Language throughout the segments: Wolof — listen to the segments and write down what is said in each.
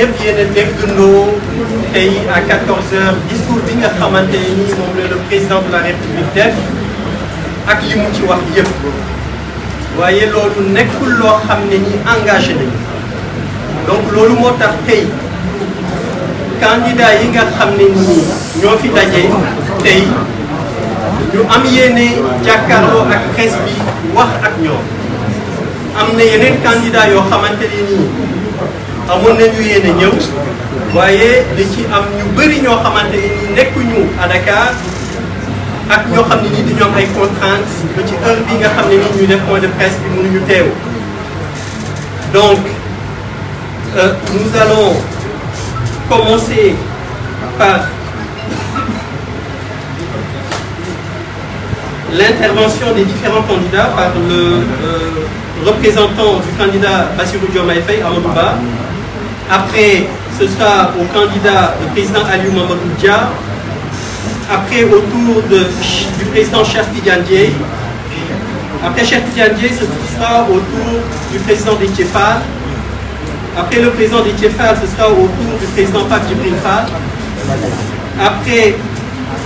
yenn yéen a déggandoo tey à 14h discours bi nga xamante ni moom la le président de la république def ak li mu ci wax yëpp waaye loolu nekkul loo xam ne ñi engagé nañu donc loolu moo tax tey candidat yi nga xam ne nii ñoo fi daje tey ñu am yéene jàkkaarloo ak presse bi wax ak ñoom am na yeneen candidat yoo xamante nii. amoon nañu yéene ñëw waaye da ci am ñu bëri ñoo xamante ni ñu nekkuñu ñoo am ay contraintes ci heure nga xam ne bi mënuñu teew donc euh, nous allons commencer par l'intervention des différents candidats par le euh, représentant du candidat Bassirou Diomaye Faye Amadou Ba Après, ce sera au candidat, le président Aliou Mamadou Dia. Après, au tour de, du président Cherti Diandier. Après Cherti Diandier, ce sera au tour du président Détiéfal. Après le président Détiéfal, ce sera au tour du président Pape Dibrilfal. Après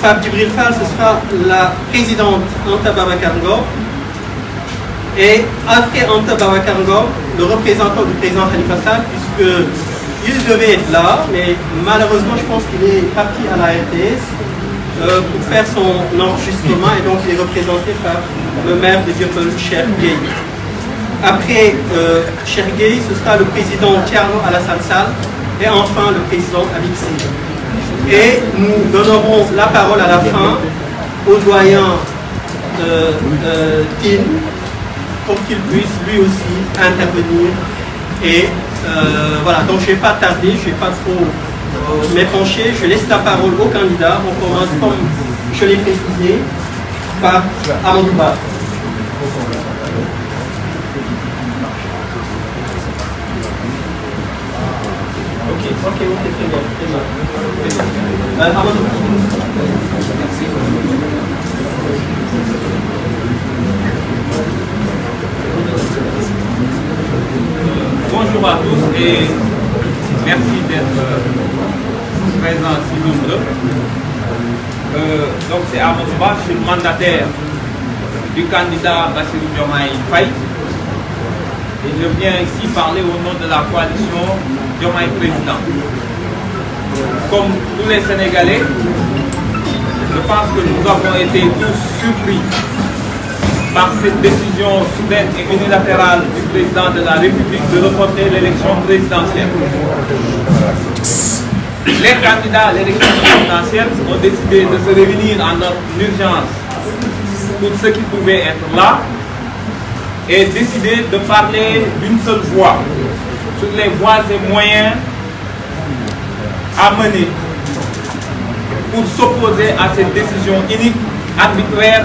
Pape Dibrilfal, ce sera la présidente Anta Babakargo. Et après Anta Babakargo, le représentant du président Khalifa Sall, puisque il devait être là, mais malheureusement, je pense qu'il est parti à la RTS euh, pour faire son enregistrement et donc il est représenté par le maire de Diopel, Cher Gay. Après euh, Cher Gay, ce sera le président Carlo Alassansal et enfin le président Alexis. Et nous donnerons la parole à la fin au doyen euh, euh Tin pour qu'il puisse lui aussi intervenir Et euh, voilà, donc je ne vais pas tarder, je ne vais pas trop euh, je laisse la parole au candidat. On commence, comme je l'ai précisé, par Amandouba. Ok, ok, ok, très bien. Très euh, bonjour à tous et merci d'être euh, présents si nombreux. Euh, donc c'est à Mosba, je suis le mandataire du candidat Bassirou Diomaye Faye. Et je viens ici parler au nom de la coalition Diomaye Président. Comme tous les Sénégalais, je pense que nous avons été tous surpris par cette décision et unilatérale du président de la République de reporter l'élection présidentielle. Les candidats à l'élection présidentielle ont décidé de se réunir en urgence tous ceux qui pouvaient être là et décider de parler d'une seule voix sur les voies et moyens à mener pour s'opposer à cette décision unique, arbitraire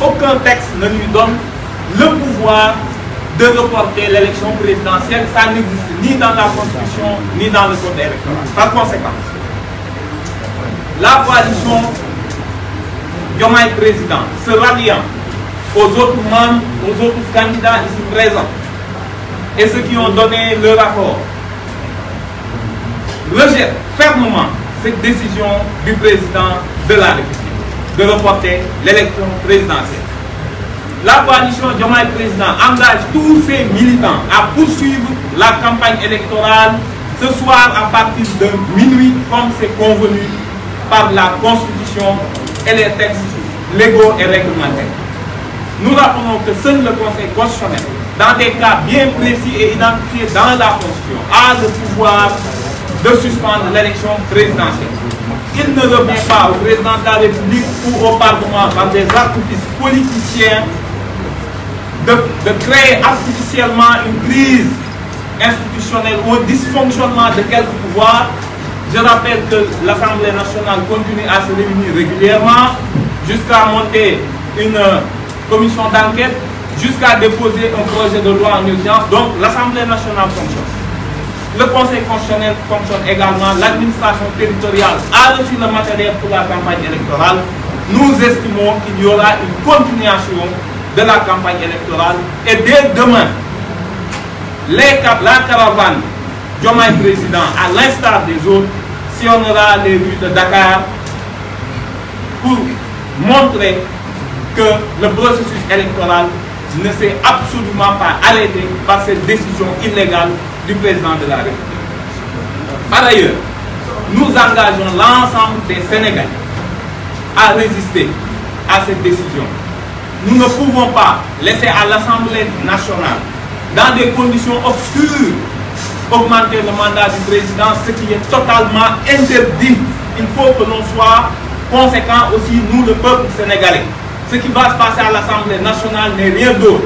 aucun texte ne lui donne le pouvoir de reporter l'élection présidentielle. Ça n'existe ni dans la Constitution, ni dans le Code électoral. Par conséquent, la coalition Yomaï Président se ralliant aux autres membres, aux autres candidats ici présents et ceux qui ont donné le rapport rejette fermement cette décision du président de la République. de reporter l'élection présidentielle. La coalition Diomaye Président engage tous ses militants à poursuivre la campagne électorale ce soir à partir de minuit, comme c'est convenu par la Constitution et les textes légaux et réglementaires. Nous rappelons que seul le Conseil constitutionnel, dans des cas bien précis et identifiés dans la Constitution, a le pouvoir de suspendre l'élection présidentielle. Il ne revient pas au président de la République ou au Parlement par des artifices politiciens de, de créer artificiellement une crise institutionnelle ou dysfonctionnement de quelques pouvoirs. Je rappelle que l'Assemblée nationale continue à se réunir régulièrement jusqu'à monter une commission d'enquête, jusqu'à déposer un projet de loi en urgence. Donc l'Assemblée nationale fonctionne. Le Conseil constitutionnel également. L'administration territoriale a reçu le matériel pour la campagne électorale. Nous estimons qu'il y aura une continuation de la campagne électorale. Et dès demain, les, la caravane Diomaye Président, à l'instar des autres, sillonnera les rues de Dakar pour montrer que le processus électoral ne s'est absolument pas arrêté par cette décision illégale du président de la République. Par ailleurs, nous engageons l'ensemble des Sénégalais à résister à cette décision. Nous ne pouvons pas laisser à l'Assemblée nationale, dans des conditions obscures, augmenter le mandat du président, ce qui est totalement interdit. Il faut que l'on soit conséquent aussi, nous, le peuple sénégalais. Ce qui va se à l'Assemblée nationale n'est rien d'autre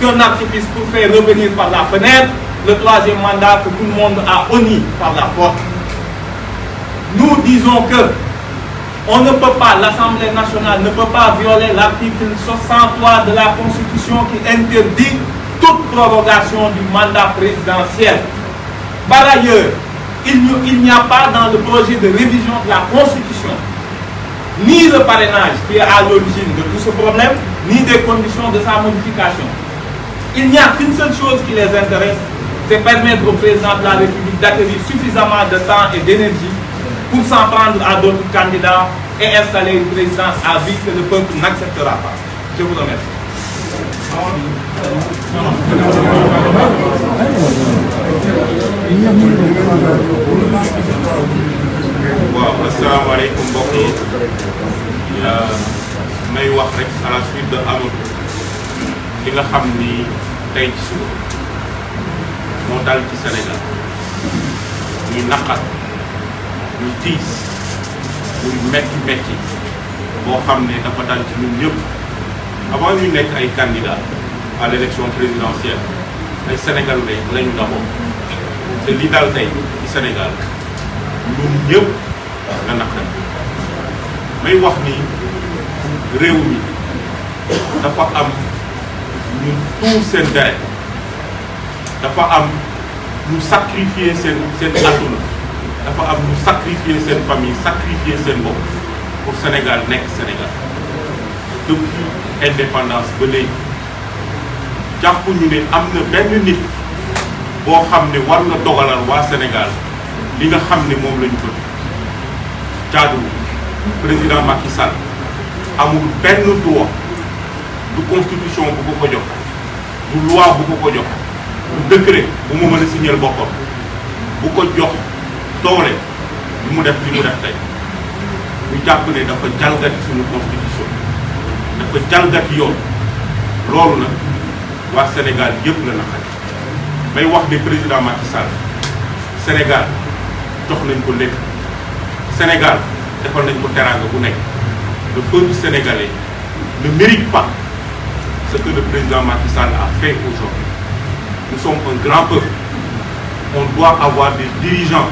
qu'un artifice pour faire revenir par la fenêtre le troisième mandat que tout le monde a honni par la porte. Nous disons que on ne peut l'Assemblée nationale ne peut pas violer l'article 63 de la Constitution qui interdit toute prorogation du mandat présidentiel. Par ailleurs, il n'y a pas dans le projet de révision de la Constitution ni le parrainage qui est à l'origine de tout ce problème, ni des conditions de sa modification. Il n'y a qu'une seule chose qui les intéresse, c'est permettre au président de la République d'acquérir suffisamment de temps et d'énergie pour s'en prendre à d'autres candidats et installer une présidence à vie que le peuple n'acceptera pas. Je vous remercie. waaw asalaamaaleykum mbokk yi may wax rek à la suite de Amadou li nga xam ni tey ci suba moo dal ci Sénégal muy naqar muy tiis muy metti metti boo xam ne dafa dal ci ñun ñëpp avant ñu nekk ay candidat à élection présidentielle ay sénégalais lañu d'abord te li dal tey ci Sénégal ñun ñëpp la naqar may wax ni réew mi dafa am ñun tout seen dafa am ñu sacrifier seen seen àdduna dafa am ñu sacrifier seen famille sacrifier seen bopp pour Sénégal nekk Sénégal depuis indépendance ba léegi jàpp ñu ne am na benn nit boo xam ne war na dogalal waa Sénégal li nga xam ne moom la ñu bëgg président Macky amul benn droit du constitution bu ko ko jox du loi bu ko ko jox décret bu mu mën a signer boppam bu ko jox doole li mu def li mu def tey ñu jàpp ne dafa jalgati suñu constitution dafa jalgati yoon loolu nag waa Sénégal yëpp la naqari may wax ne président Macky Sall Sénégal jox nañ ko lépp Sénégal defal nañ ko teraanga bu nekk le peuple sénégalais ne mérite pas ce que le président Macky Sall a fait aujourd'hui Nous sommes un grand peuple. On doit avoir des dirigeants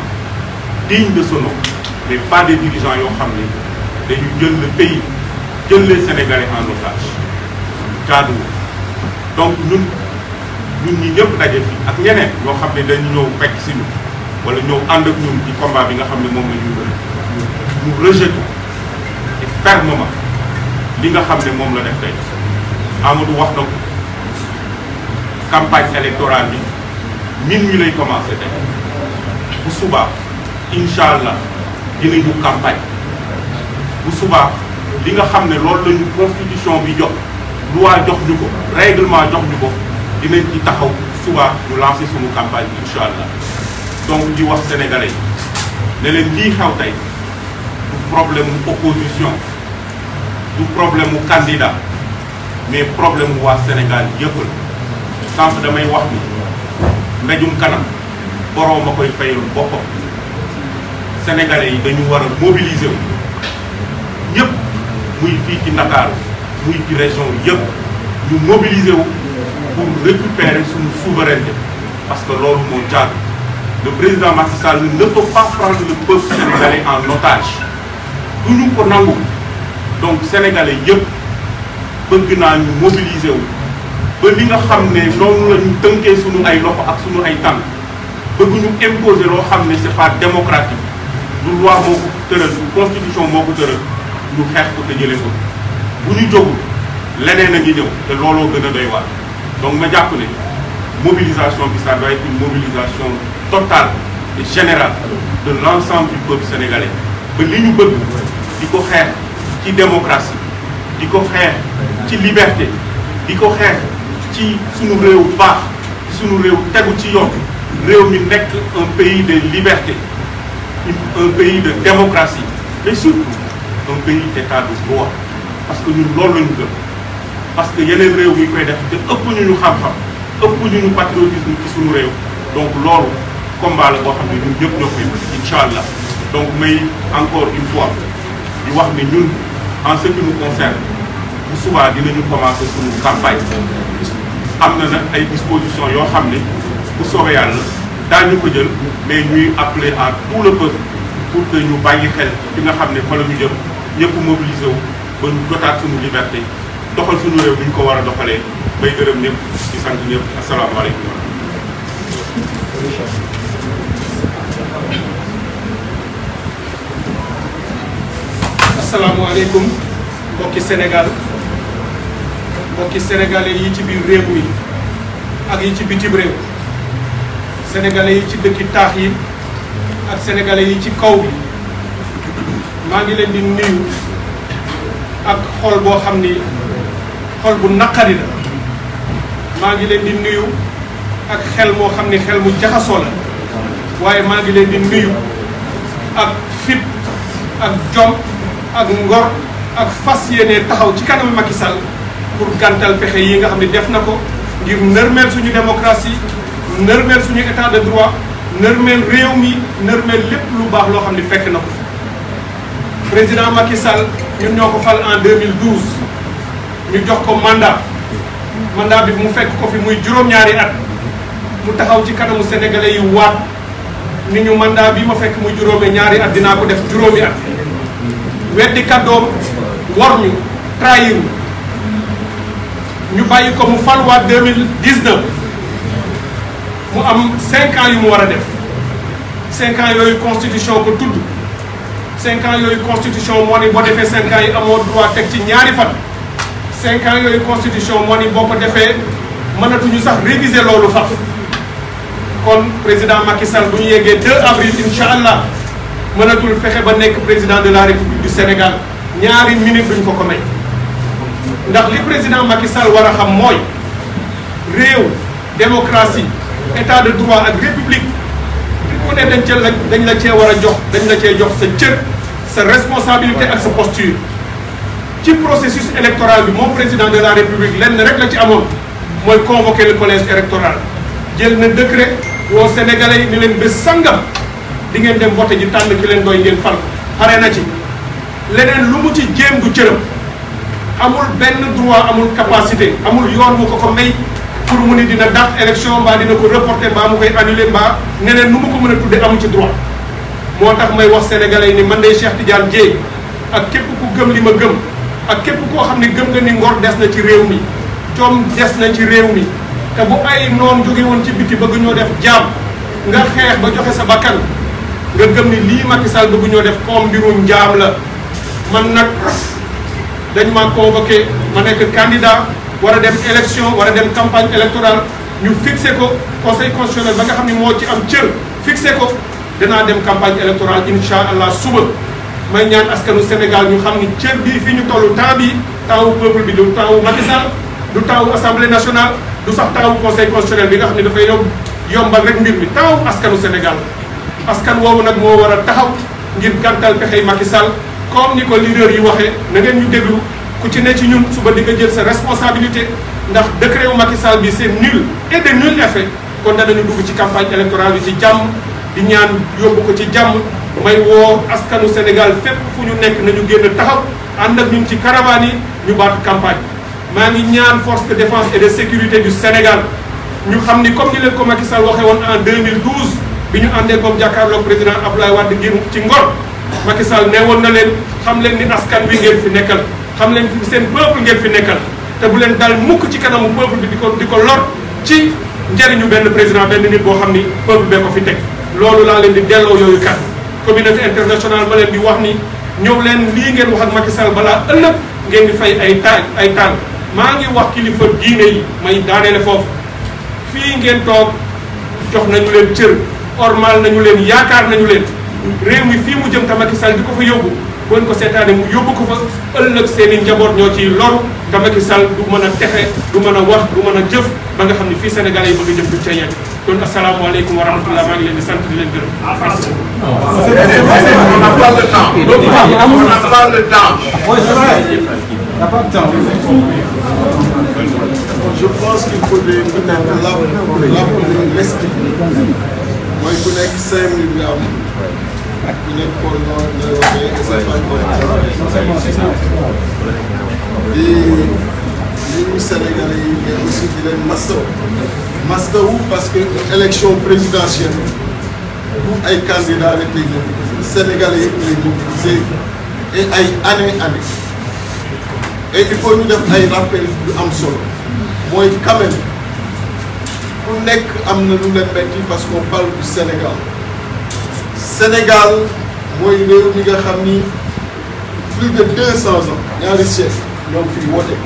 dignes de ce nom, mais pas des dirigeants yoo xam ne dañu jël le pays jël les Sénégalais en otage jaaduwul donc ñun ñun ñi ñëpp daje fi ak ñeneen ñoo xam ne dañu ñëw fekk si ñu wala ñëw ànd ak ñun ci combat bi nga xam ne moom la ñuy wër ñu rejetons et fermement li nga xam ne moom la def tey Amadou wax na ko. campagne électorale bi minuit lay commencé tey bu subaa incha allah dinañu campagne bu subaa li nga xam ne loolu lañu constitution bi jox loi jox ñu ko règlement jox ñu ko dinañ ci taxaw subaa ñu si suñu campagne incha allah donc di wax sénégalais yi ne leen lii xew tey du problème mu opposition du problème mu candidat mais problème mu waa Sénégal yëpp la sànq damay wax ni mbéjum kanam borom ma koy fayal boppam sénégalais yi dañu war a mobiliser wu ñëpp muy fii ci Ndakaaru muy ci région yëpp ñu mobiliser wu pour récupérer suñu souveraineté parce que loolu moo jaadu le président Macky Sall ne peut pas prendre le peuple sénégalais en otage du ñu ko nangu donc sénégalais yëpp bëgg naa ñu mobiliser wu ba li nga xam ne noonu la ñu tënkee suñu ay loxo ak suñu ay tànk bëgguñu imposer loo xam ne c'est pas démocratique du loi moo ko tëral du constitution moo ko tëral ñu xeex ko te jëlee ko bu ñu jógul leneen a ngi ñëw te looloo gën a doy waar donc ma jàpp ne mobilisation bi ça doit être une mobilisation totale et générale de l'ensemble du peuple sénégalais li ñu bëgg di ko xeex ci démocratie di ko xeex ci liberté di ko xeex ci sunu réew baax ci sunu réew tegu ci yoon réew mi nekk un pays de liberté un pays de démocratie mais surtout un pays d'état de droit parce que ñun loolu lañu gëm parce que yeneen réew mi koy def te ëpp ñu ñu xam-xam ëpp ñu ñu patriotisme ci sunu réew donc loolu combat la boo xam ne ñun ñëpp ñoo koy allah donc may encore une fois di wax ne ñun en ce qui nous concerne bu subaa dinañu commencer sunu campagne am na nag ay dispositions yoo xam ne bu soobee yàlla daañu ko jël mais ñuy appeler à tout le peuple pour que ñu bàyyi xel fi nga xam ne fa la ñu jëm ñëpp wu ba ñu jotaat suñu liberté doxal suñu réew ni ñu ko war a doxalee bay gërëm ñëpp di sant ñëpp asalaamaaleykum wa rahmatulah. asalaamaaleykum mbokki Sénégal. mbokki sénégalais yi ci biir réew yi ak yi ci bitim réew sénégalais yi ci dëkki taax yi ak sénégalais yi ci kaw bi maa ngi leen di nuyu ak xool boo xam ni xool bu naqari la maa ngi leen di nuyu ak xel moo xam ni xel mu jaxasoo la waaye maa ngi leen di nuyu ak fit ak jom ak ngor ak fas yéene taxaw ci kanam Macky Sall pour gàntal pexe yi nga xam ne def na ko ngir nërmeel suñu démocratie nërmeel suñu état de droit nërmeel réew mi nërmeel lépp lu baax loo xam ne fekk na ko président Macky Sall ñun ñoo ko fal en 2012 ñu jox ko mandat mandat bi mu fekk ko fi muy juróom-ñaari at mu taxaw ci kanamu sénégalais yu waat ni ñu mandat bi ma fekk muy juróome ñaari at dinaa ko def juróomi at weddi kàddoom war ñu ñu bàyyi ko mu falwaat deux mille dix-neuf mu am cinq yu mu war a def cinq yooyu constitution ko tudd cinq ans yooyu constitution moo ni boo defee cinq ans yi amoo droit teg ci ñaari fat cinq ans yooyu constitution moo ni boo ko defee mënatuñu sax réviser loolu fa kon président Macky Sall bu ñu yeggee 2 avril incha allah mënatul fexe ba nekk président de la république du Sénégal ñaari minute duñ ko ko may ndax li président Macky war a xam mooy réew démocratie état de droit ak république di ko ne dañ ca la dañ la cee war a jox dañ la cee jox sa cër sa responsabilité ak sa posture ci processus électoral bi moom président de la république lenn rek la ci amoon mooy convoquer le collège électoral jël na décret woo sénégalais yi ni leen bés sangam di ngeen dem voté ji tànn ki leen doy ngeen fal pare na ci leneen lu mu ci jéem du cëram amul benn droit amul capacité amul yoon mu ko ko may pour mu ni dina dàq élection mbaa dina ko reporter mbaa mu koy annuler mbaa neneen nu mu ko mën a tudde amu ci droit moo tax may wax sénégalais yi ni man day Cheikh Tidiane Dièye ak képp ku gëm li ma gëm ak képp koo xam ne gëm nga ni ngor des na ci réew mi coom des na ci réew mi te bu ay noon jóge woon ci biti bëgg ñoo def jaam nga xeex ba joxe sa bakkan nga gëm ni lii Macky Sall bëgg ñoo def comme mbiru njaam la dañ maa convoqué ma nekk candidat war a dem élection war a dem campagne électorale ñu fixé ko conseil constitutionnel ba nga xam ne moo ci am cër fixé ko danaa dem campagne électorale insha allah suba may ñaan askanu Sénégal ñu xam ni cër bii fi ñu toll temps bi taawu peuple bi du taawu Macky du taawu assemblée nationale du sax taawu conseil constitutionnel bi nga xam ne dafay yomb yombal rek mbir mi taawu askanu Sénégal askan woowu nag moo war a taxaw ngir gàntal pexey Macky comme ni ko leader yi waxee na ngeen ñu déglu ku ci ne ci ñun suba di nga jël sa responsabilité ndax décret wu Macky Sall bi c'est nul et de nul effet kon danañu dugg ci campagne électorale bi ci jàmm di ñaan yóbbu ko ci jàmm may woo askanu Sénégal fépp fu ñu nekk nañu génn taxaw ànd ak ñun ci caravane yi ñu baat campagne maa ngi ñaan force de défense et de sécurité du Sénégal ñu xam ni comme ni leen ko Macky Sall waxee woon en 2012 bi ñu àndee comme jàkkaarloog président ci ngor Macky Sall ne woon na leen xam leen ni askan wi ngeen fi nekkal xam leen fi seen peuple ngeen fi nekkal te bu leen dal mukk ci kanamu peuple bi di ko di ko lor ci njëriñu benn président benn nit boo xam ni peuple bee ko fi teg loolu laa leen di delloo yooyu kat communauté internationale ba leen bi wax ni ñëw leen lii ngeen wax ak Macky Sall balaa ëllëg ngeen di fay ay taal ay taal maa ngi wax kilifa diine yi may daaneele foofu fii ngeen toog jox nañu leen cër ormal nañu leen yaakaar nañu leen réew mi fii mu jëm te Macky Sall di ko fa yóbbu bën ko seetaane mu yóbbu ko fa ëllëg seen i njaboot ñoo ciy lor te Macky Sall du mën a texe du mën a wax du mën a jëf ba nga xam ne fii Sénégal yi bëgg a jëf du ca yegg kon asalaamaaleykum wa rahmatulah maa ngi leen di sant di leen gërëm. merci beaucoup. on n'a pas le temps. on n'a pas le temps. je pense qu'il faut les peut-être là où l'esprit mooy ku nekk cinq minutes nga am. ak ki ngeen yi mais aussi leen mastaw. mastawu parce que élection présidentielle pour ay candidats rek lay jëm Sénégalais yëpp lay mobiliser ay année année et il faut ñu def ay rappel yu am solo mooy quand même nekk am na lu leen metti parce qu'on parle du Sénégal. Sénégal mooy réew mi nga xam ni plus de cent ans ñaari chef ñoom fii woote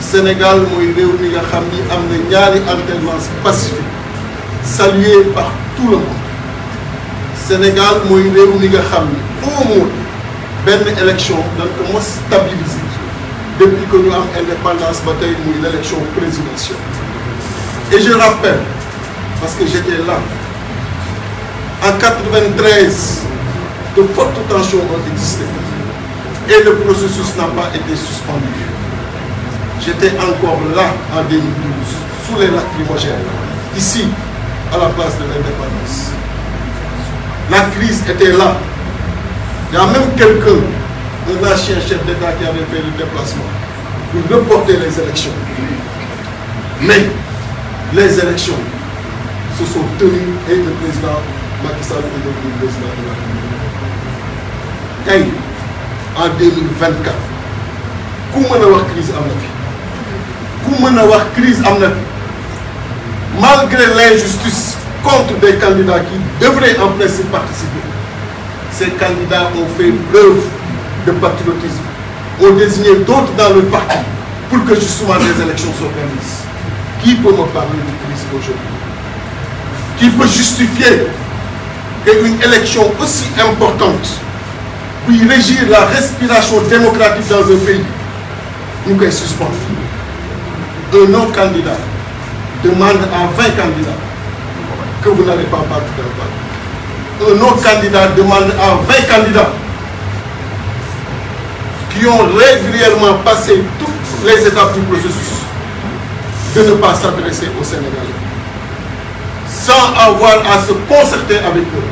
Sénégal mooy réew mi nga xam ni am na ñaari alternance pacifique saluée par tout le monde Sénégal mooy réew mi nga xam ni au moins benn élection dañ ko mos stabiliser depuis que ñu am indépendance ba tey muy l' élection présidentielle je rappelle parce que j'étais là en 93, de fortes tensions ont existé et le processus n'a pas été suspendu. J'étais encore là en 2012, sous les lacrymogènes, ici, à la place de l'indépendance. La crise était là. Il y a même quelqu'un, un ancien chef d'État qui avait fait le déplacement pour reporter les élections. Mais les élections se sont tenues et le président ma Sall est devenu président de la République en deux mille vingt quatre crise am na fi ku mën wax crise am na fi malgré l'injustice contre des candidats qui devraient en principe participer ces candidats ont fait preuve de patriotisme ont désigné d'autres dans le parti pour que justement les élections s'organisent qui peut me parler de crise aujourd'hui qui peut justifier qu'une élection aussi importante puisse régir la respiration démocratique dans un pays, nous qu'elle suspendre. non-candidat demande à 20 que vous n'avez pas battu dans non-candidat demande à 20 qui ont régulièrement passé toutes les étapes du processus de ne pas s'adresser aux Sénégalais. sans avoir à se concerter avec eux.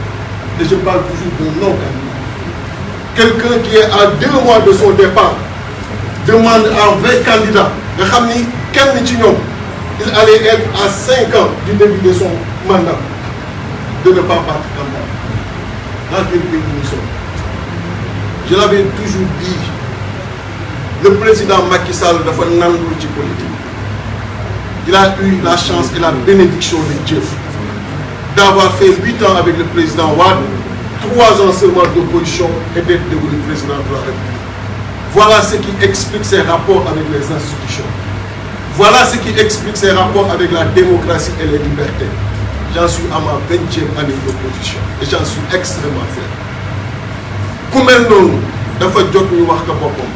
Et je parle toujours d'un organisme. Quelqu'un qui est à deux mois de son départ demande à 20 candidats nga xam ni kenn ci ñoom il allait être à cinq ans du début de son mandat de ne pas battre campagne dans quel pays toujours dit le président Macky Sall dafa nangul ci politique il a eu la chance et la bénédiction de Dieu d'avoir fait huit ans avec le président Wade, trois ans seulement d'opposition et d'être devenu président de la République. Voilà ce qui explique ses rapports avec les institutions. Voilà ce qui explique ses rapports avec la démocratie et les libertés. J'en suis à ma 20e année d'opposition et j'en suis extrêmement fier. ku mel noonu dafa jot ñu wax ko boppam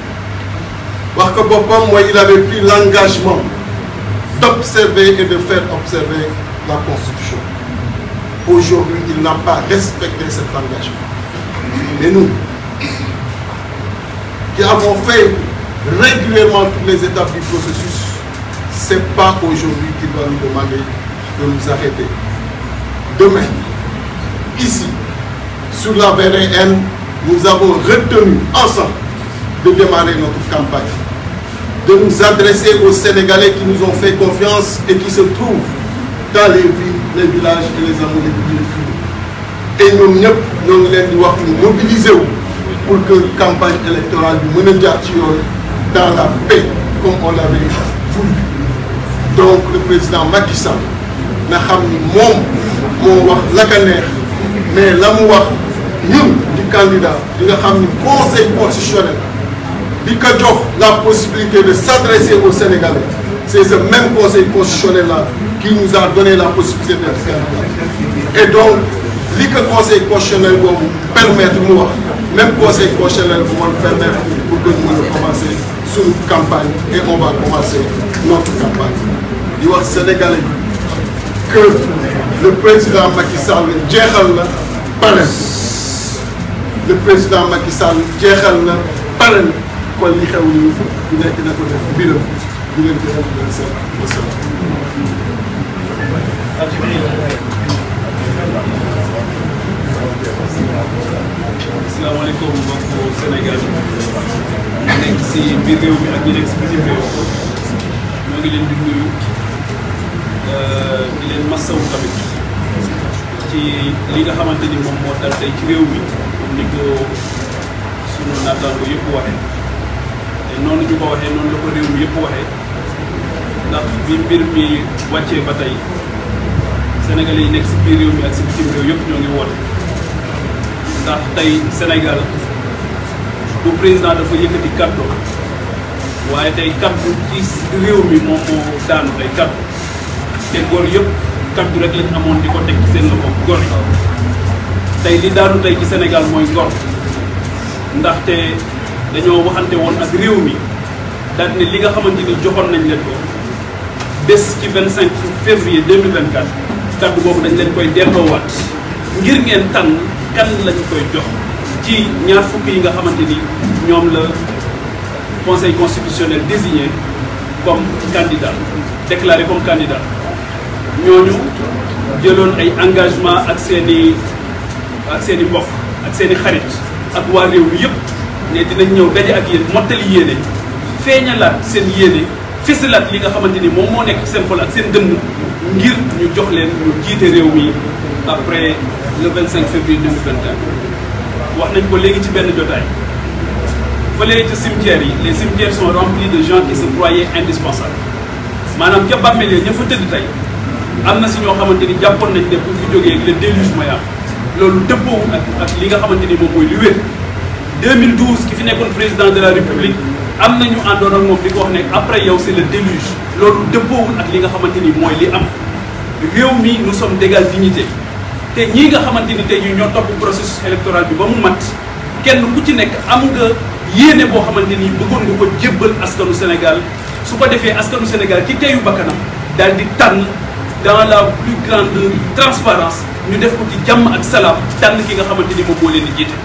wax ko boppam mooy il avait pris l'engagement d'observer et de faire observer Aujourd'hui, il n'a pas respecté cet engagement. Mais nous, qui avons fait régulièrement toutes les étapes du processus, ce pas aujourd'hui qu'il va nous demander de nous arrêter. Demain, ici, sur la VRN, nous avons retenu ensemble de démarrer notre campagne, de nous adresser aux Sénégalais qui nous ont fait confiance et qui se trouvent dans les villes les villages et les amours les publics et ñoom ñëpp ñoo leen di wax ñu mobiliser wu pour que campagne électorale bi mën a jaar ci yoon dans la paix comme on l'avait voulu donc le président Macky na xam ni moom moo wax laka neex mais la mu wax ñun di candidat di nga xam ni conseil constitutionnel bi ko jox la possibilité de s'adresser aux Sénégalais c'est ce même conseil constitutionnel là qui nous a donné la possibilité de faire et donc li ko conseil boobu permettre mu wax même conseil constitutionnel bu woon permettre pour que ñu mën a commencer campagne et on va commencer notre campagne di wax sénégalais que le président Macky Sall jeexal na pare le président Macky Sall jeexal na pare kon li xew nii dina dina ko def mbiram di leen di leen di leen seet asalaamaaleykum mbokku Sénégal ñu si biir réew mi ak ñu nekk si bitim réew ñoo ngi euh, li nga xamante ni moom moo dal ci réew mi comme ni ko sunu naataango yëpp waxee noonu ñu ko waxee noonu la ko réew mi yëpp waxee ndax bi mbir mi wàccee ba tey sénégalais yi nekk si biir réew mi ak si bitim réew yëpp ñoo ngi woote. ndax tey Sénégal du président dafa yëkkati kaddu waaye tey kaddu ci réew mi moom moo daanu tey kaddu te góor yëpp kaddu rek lañ amoon di ko teg ci seen loxo góor yi tey li daanu tey ci Sénégal mooy ngor ndaxte dañoo waxante woon ak réew mi daal ne li nga xamante ni joxoon nañ leen ko des ci 25 février 2024 kaddu boobu dañ leen koy delloowaat ngir ngeen tànn. kan lañu koy jox ci ñaar fukk yi nga xamante nii ñoom la conseil constitutionnel désigné comme candidat déclaré comme candidat ñooñu jëloon ay engagement ak seeni ak seen i mbokk ak seeni xarit ak waa réew mi yëpp ne dinañ ñëw daje ak yéen mottali yéene feeñalaat seen yéene fisilaat li nga xamante ni moom moo nekk seen xol ak seen dënn ngir ñu jox leen ñu jiite réew mi après le 25 février 2021 wax nañ ko léegi ci benn jotaay fële ci cimetières yi les cimetières sont remplis de gens qui se croyaient indispensables maanaam ca bàmmeel ya ña fa tëdd tey am na si ñoo xamante ni jàppoon nañ ne bu fi jógee le déluge mooy loolu dëppoowu ak ak li nga xamante ni moom mooy li wér 2012 ki fi nekkoon président de la république am na ñu àndoon ak moom di ko wax ne après yow c'est le déluge loolu dëppoowul ak li nga xamante ni mooy li am réew mi nous sommes d'égale dignité te ñii nga xamante ni tey ñoo topp processus électoral bi ba mu mat kenn ku ci nekk am nga yéene boo xamante ni bëggoon nga ko jébbal askanu Sénégal su ko defee askanu Sénégal ci teyu bakkanam daal di tànn dans la plus grande transparence ñu def ko ci jàmm ak salaam tànn ki nga xamante ni moom moo leen di jiite.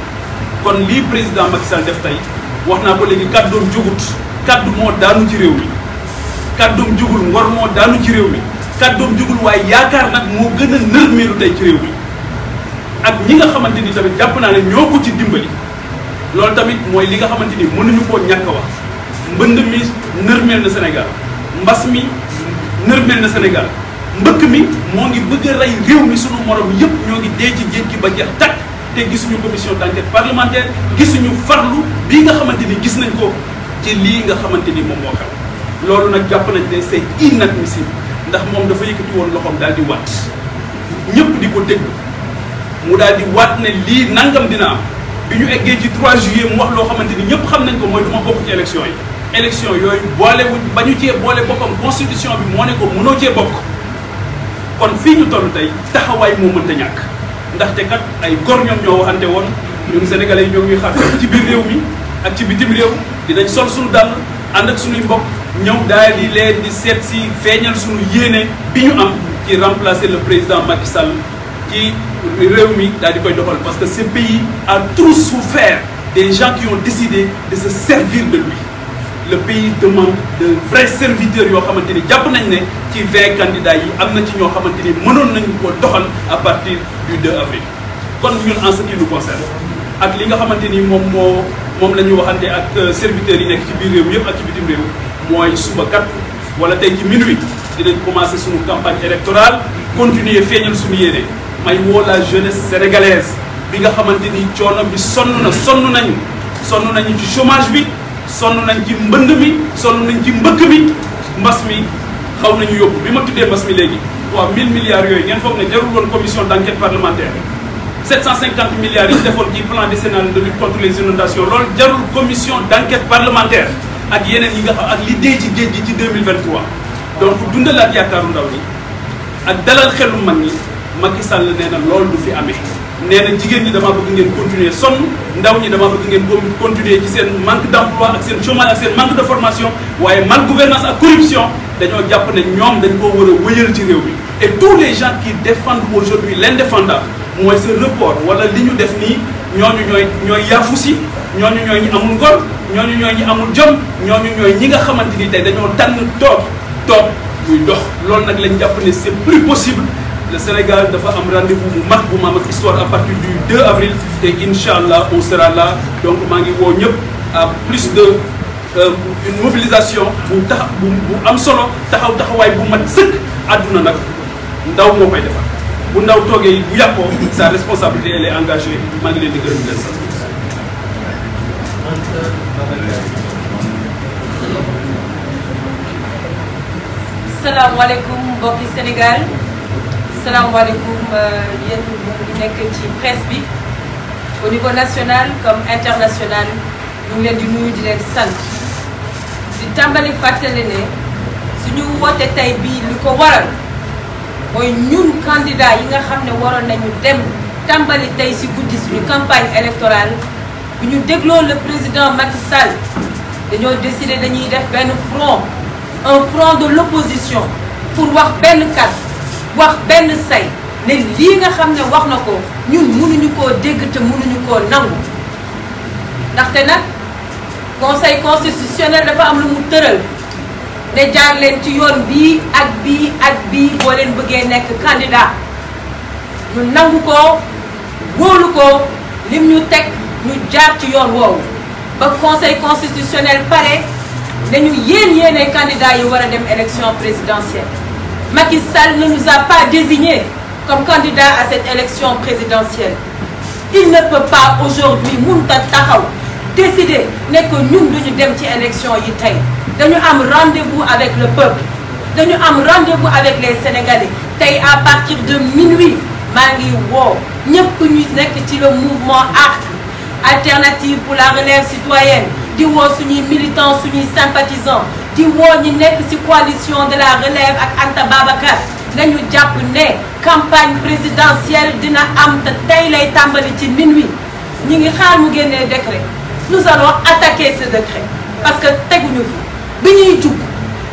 kon lii président Macky Sall def tey wax naa ko léegi kàddoom jógut kàddu moo daanu ci réew mi kàddoom jugul war moo daanu ci réew mi. kàddoom jugul waaye yaakaar nag moo gën a nërmeelu tey ci réew mi ak ñi nga xamante ni tamit jàpp naa ne ñoo ko ci dimbali loolu tamit mooy li nga xamante ni mënuñu koo ñàkk a wax mbënd mi nërmeel na Sénégal mbas mi nërmeel na Sénégal mbëkk mi moo ngi bëgg a rey réew mi sunu morom yépp ñoo ngi dee ci géej gi ba jeex takk te gisuñu commission d'enquête parlementaire gisuñu farlu bii nga xamante ni gis nañ ko ci lii nga xamante ni moom moo xam loolu nag jàpp nañ ne c'est inadmissible ndax moom dafa yëkkati woon loxoom daal di waat ñëpp di ko déglu mu daal di waat ne lii nangam dina am bi ñu eggee ci 3 juillet mu wax loo xamante ni ñëpp xam nañ ko mooy du ma bokk ci élection yi. élection yooyu boolewuñ ba ñu cee boole boppam constitution bi moo ne ko mënoo cee bokk kon fii ñu toll tey taxawaay moo mënta ñàkk ndaxte kat ay gor ñoom ñoo waxante woon ñun sénégalais yi ñoo ngi xaar ci biir réew mi ak ci bitim réew dinañ sol suñu dàll ànd ak suñuy mbokk. ñëw daal di leen di seet si feeñal suñu yéene bi ñu am ci remplacer le président Macky Sall ci réew mi daal di koy doxal parce que ce pays a trop souffert des gens qui de se servir de lui le pays demande de vrais serviteurs yoo xamante ni jàpp nañ ne ci vingt candidats yi am na ci ñoo xamante ni mënoon nañu ko doxal à partir du 2 avril kon ñun en ce qui nous ak li nga xamante ni moom moo moom la ñu waxante ak serviteurs yi nekk ci yëpp ak ci bitim mooy suba kat wala tey ci minuit dinañ commencé suñu campagne électorale continuer feeñal suñu yéene may woo la jeunesse sénégalaise bi nga xamante ni coono bi sonn na sonn nañu sonn nañu ci chômage bi sonn nañ ci mbënd mi sonn nañ ci mbëkk mi mbas mi xaw nañu yóbbu bi ma tuddee mbas mi léegi waaw 1000 milliards yooyu ngeen foog ne jarul woon commission d' enquête parlementaire 750 milliards yi ñu defoon ci plan décennal de lutte contre les inondations loolu jarul commission d' enquête parlementaire ak yeneen yi nga xam ak li dee ci géej gi ci 2023 donc dundalaat yaakaaru ndaw ñi ak dalal xelum mag ñi Macky Sall nee na loolu du fi amee nee na jigéen ñi dama bëgg ngeen continuer sonn ndaw ñi damaa bëgg ngeen continuer ci seen manque d'emploi ak seen chômage ak seen manque de formation waaye mal gouvernance ak corruption dañoo jàpp ne ñoom dañ koo war a wëyal ci réew mi et tous les gens qui défendent aujourd'hui l'indéfendable mooy ce report wala li ñu def nii ñooñu ñooy ñooy yaafu si ñooñu ñooy ñi amul ngor ñooñu ñooy ñi amul jom ñooñu ñooy ñi nga xamante ni tey dañoo tànn toog toog muy dox loolu nag lañ jàpp ne c'est plus possible le Sénégal dafa am rendez-vous bu mag bu ma am ak histoire à partir du 2 avril te incha allah on sera là donc maa ngi woo ñëpp à plus de euh, une mobilisation bu tax bu am solo taxaw taxawaay bu mat sëkk àdduna nag ndaw moo koy defar bu ndaw toogee bu yàqoo sa responsabilité elle est engagée maa ngi leen di gërëm di leen sant salaamaaleykum mbokki Sénégal salaamaaleykum euh, yéen ñu nekk ci presse bi au niveau national comme international ñu leen di nuyu di leen sant di tàmbali fàttali ne suñu woote tey bii li ko waral mooy ñun candidat yi nga xam ne waroon nañu dem tàmbali tey si guddi suñu campagne électorale. bu ñu dégloo la président Macky Sall dañoo décidé dañuy def benn front un front de l'opposition pour wax benn kàddu wax benn say ne lii nga xam ne wax na ko ñu mënuñu koo dégg te mënuñu koo nangu ndaxte nag conseil constitutionnel dafa am lu mu tëral ne jaar leen ci yoon bii ak bi ak bi boo leen bëggee nekk candidat ñu nangu ko wóolu ko lim ñu teg ñu jaar ci yoon woowu ba conseil constitutionnel pare dañu yéen yéene candidat yi war a dem élection présidentielle Macky Sall ne nous a pas désigné comme candidat à cette élection présidentielle il ne peut pas aujourd'hui munta taxaw décider ne que ñun duñu dem ci élection yi tey dañu am rendez-vous avec le peuple dañu am rendez-vous avec les Sénégalais tey à partir de minuit maa ngi woo ñëpp ñu nekk ci le mouvement Aar alternative pour la relève citoyenne di woo suñuy militants suñuy sympathisants di woo ñi nekk ci coalition de la relève ak Anta Babacar nañu jàpp ne campagne présidentielle dina am te tey lay tàmbali ci minuit ñi ngi xaar mu génnee décret nous allons attaquer ce décret parce que teguñu fi bi ñuy jug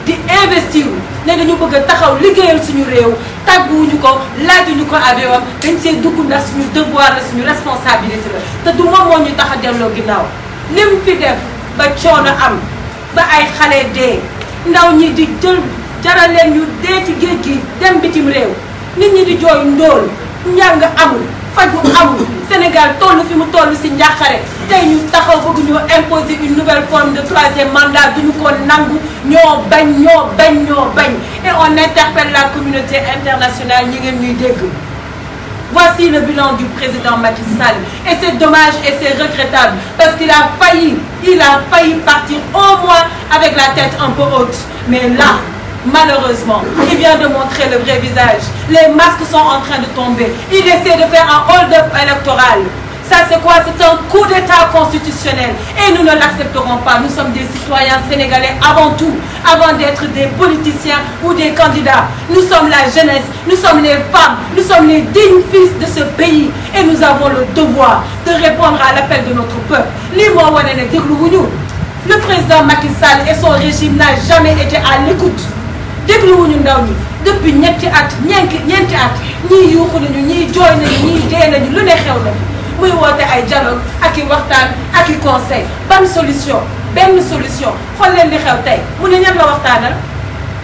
di investir ne dañu bëgg a taxaw liggéeyal suñu réew tàgguwuñu ko laajuñu ko abeewam dañ see dugg ndax suñu devoir la suñu responsabilité la te du moom moo ñu tax a delloo ginnaaw lim fi def ba coono am ba ay xale dee ndaw ñi di jël jaral leen ñu dee ci géej gi dem bitim réew nit ñi di jooy ndóol njàng amul faj bu amul Sénégal toll fi mu toll si njàqare tey ñu taxaw bëgg ñoo imposer une nouvelle forme de troisième mandat duñu ko nangu ñoo bañ ñoo bañ ñoo bañ et on interpelle la communauté internationale ñi ngeen ñuy dégg voici le bilan du président Macky Sall et c'est dommage et c'est regrettable parce qu'il a failli il a failli partir au moins avec la tête un peu haute mais là malheureusement, il vient de montrer le vrai visage. Les masques sont en train de tomber. Il essaie de faire un hold-up électoral. c'est un coup d'État constitutionnel. Et nous ne l'accepterons pas. Nous sommes des citoyens sénégalais avant tout, avant d'être des politiciens ou des candidats. Nous sommes la jeunesse, nous sommes les femmes, nous sommes les dignes fils de ce pays. Et nous avons le devoir de répondre à l'appel de notre peuple. Le président dégluwuñu ndaw ñi depuis ñetti at ñeenti ñeenti at ñii yuuxu nañu ñii jooy nañu ñii dee nañu lu ne xew na muy woote ay dialogue ak i waxtaan ak i conseil ban solution benn solution xool leen li xew tey mu ne ñan la waxtaanal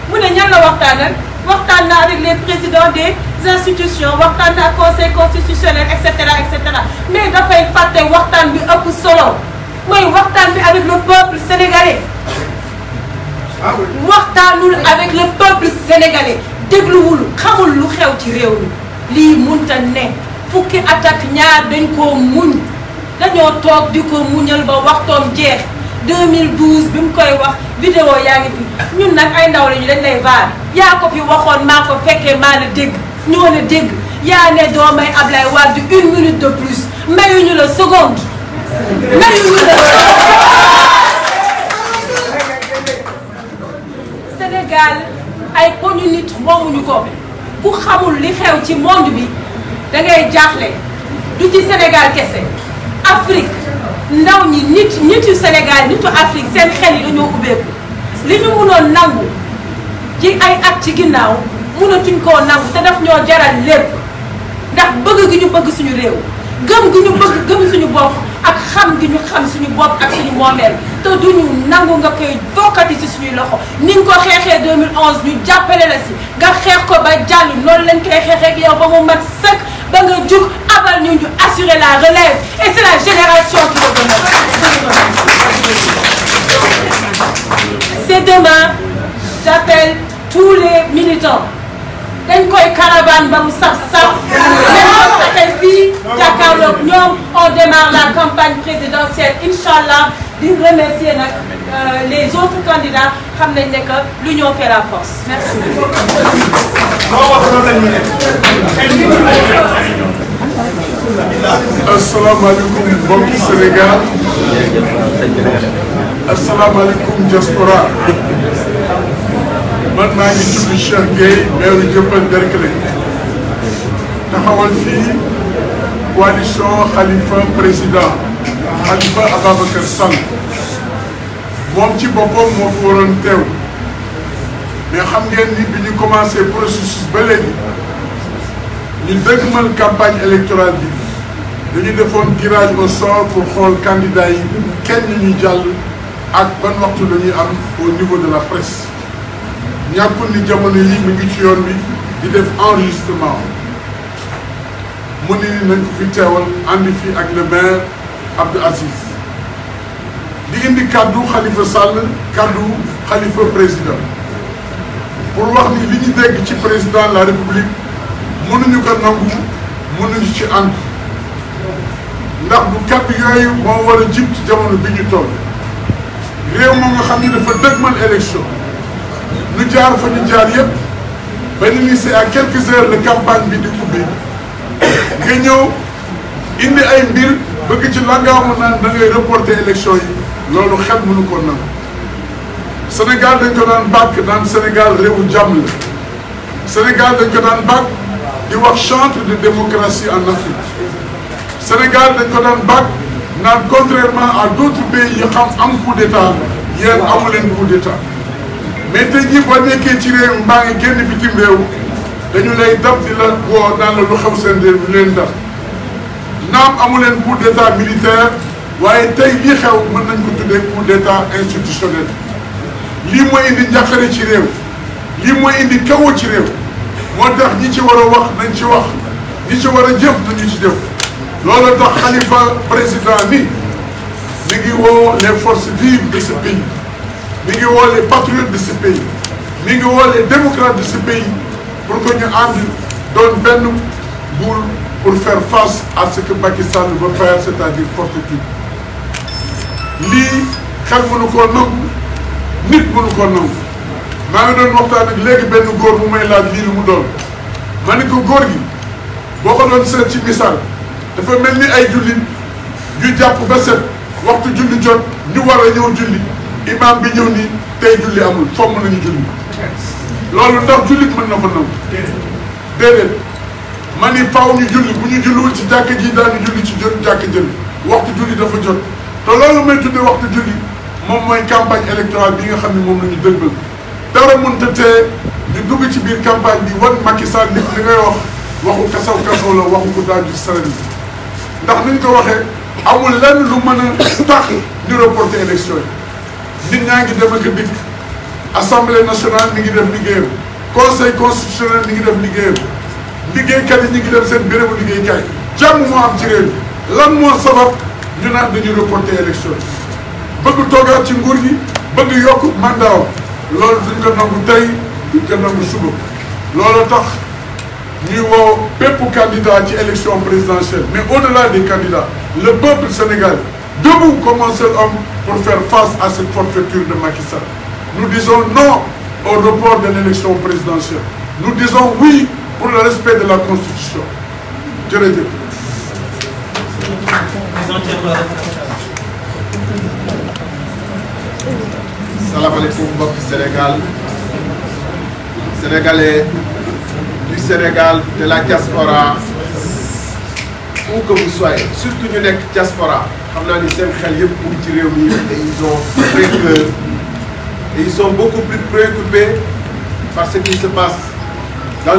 mu ne ñan la waxtaanal waxtaan na avec les présidents des institutions waxtaan na ak conseil constitutionnel et cetera et cetera mais dafay fàtte waxtaan bi ëpp solo mooy waxtaan bi avec sénégalais dégluwul xamul lu xew ci réew mi lii munta ne fukki at ñaar dañ koo muñ dañoo toog di ko muñal ba waxtoom jeex 2012 bi mu koy wax vidéo yaa ngi fi ñun nag ay ndaw lañu dañ lay vaar yaa ko fi waxoon maa ko fekkee maa la dégg ñoo la dégg yaa ne doo may Ablaye Wade une minute de plus mayuñu la seconde mayuñu la Sénégal ay poñu nit moomuñu ko ku xamul li xew ci monde bi da ngay jaaxle du ci Sénégal kese Afrique ndaw ñi nit nit yu Sénégal nitu Afrique seen xel yi dañoo ubbeeku li ñu mënoon nangu ci ay at ci ginnaaw mënatuñ koo nangu te daf ñoo jaral lépp ndax bëgg gi ñu bëgg suñu réew gëm gi ñu bëgg gëm suñu bopp ak xam gi ñu xam suñu bopp ak suñu moomeel te duñu nangu nga koy bokkati ci suñuy loxo ni ko xeexee 2011 ñu jàppale la si nga xeex ko ba jàll loolu lañ koy xeexee ak yow ba mu mat sëkk ba nga jug abal ñu ñu assurer la relève et c'est la génération qui le demande. C'est demain, j'appelle tous les militants. dañ koy caravane ba mu sax sax mais on fii jàkkaarloog ñoom on la campagne présidentielle incha allah di nag euh, les autres candidats xam nañ ne que l'union fait la force merci. man maa ngi tudd Cheikh Gueye meeru Dieuppeul Derklé taxawal fii coalition Khalifa président Khalifa Ababacar Sall moom ci boppam moo fi waroon teew xam ngeen ni bi ñu commencé processus ba léegi ñu dëgmal campagne électorale bi dañu defoon tirage au sort pour xool candidat yi kenn ñu ñuy jàll ak ban waxtu la ñuy am au niveau de la presse ñàkkul ni jamono yi mu ngi ci yoon bi di def enregistrement mu ni nañ ko fi teewal àndi fii ak le maire Abdou Aziz di indi kàddu xalifa Sall kàddu xalifa président pour wax ni li ñu dégg ci président de la république mënuñu ko nangu mënuñu ci ànd ndax bu kàddu yooyu moo war a jib ci jamono bi ñu toll réew moom nga xam ni dafa dëgmal élection lu jaar fa ñu jaar yëpp benn lycée à quelques heures la campagne bi di ubbi nga ñëw indi ay mbir bëgg ci langaamu naan da ngay reporter élection yi loolu xel mënu ko nangu Sénégal dañ ko daan bàkk naan Sénégal réewu jàmm la Sénégal dañ ko daan bàkk di wax chantre de démocratie en Afrique Sénégal dañ ko daan bàkk naan contrairement à d'autres pays yi xam am coup d'état yéen amu leen mais tey jii boo nekkee ci réew mbaa nga génn bitim réew dañu lay dab di la woo naan la lu xew seen réew leen dab naam amu leen coup d' état militaire waaye tey lii xew mën nañ ko tuddee coup d' état institutionnel lii mooy indi njàqare ci réew lii mooy indi kawoo ci réew moo tax ñi ci war a wax nañ ci wax ñi ci war a jëf nañu ci jëf loolu tax xalifa président ni mi ngi woo les forces vives de ce pays mi ngi woo les patriotes de ce mi ngi woo les di de ce pour que ñu ànd doon benn boule pour faire face à ce que Macky Sall veut faire cest à lii xel mënu koo nangu nit mënu koo nangu maa ngi doon waxtaan ak léegi benn góor bu may laaj lii lu mu doon ma ne ko góor gi boo ko doon seet ci misaal dafa mel ni ay jullit yu jàpp ba set waxtu julli jot ñu war a ñëw julli imam bi ñëw nii tey julli amul fomm nañu julli loolu ndax jullit mën na ko nangu déedéet ma ni faw ñu julli bu ñu julliwul ci jàkk ji daañu julli ci jë jàkk jëli waxtu julli dafa jot te loolu may tuddee waxtu julli moom mooy campagne électorale bi nga xam ne moom la ñu dëgmal dara mënta ñu dugg ci biir campagne bi wan Macky Sall nit li ngay wax waxu kasaw kasaw la waxu ko daaju saret bi ndax ni ñu ko waxee amul lenn lu mën a tax ñu reporter élection nit ñaa ngi dem ak a dikk assemblée nationale mi ngi def liggéeyam conseil constitutionnel mi ngi def liggéeyam liggéeykat yi ñu ngi dem seen bérébu liggéeykaay jàmm moo am ci réew mi lan moo sabab ñu naan dañu reporter élection yi bëgg toogaat ci nguur gi bëgg yokk mandat loolu duñ ko nangu tey duñ ko nangu suba loolu tax ñuy woo bépp candidat ci élection présidentielle mais au-delà des candidats le peuple sénégalais debout comme pour faire face à cette forfaiture de Macky Sall. Nous disons non au report de l'élection présidentielle. Nous disons oui pour le respect de la Constitution. Je du Sénégal de la diaspora où que surtout ñu nekk diaspora xam naa ni seen yëpp mu ci réew mi et ils ont très et ils sont que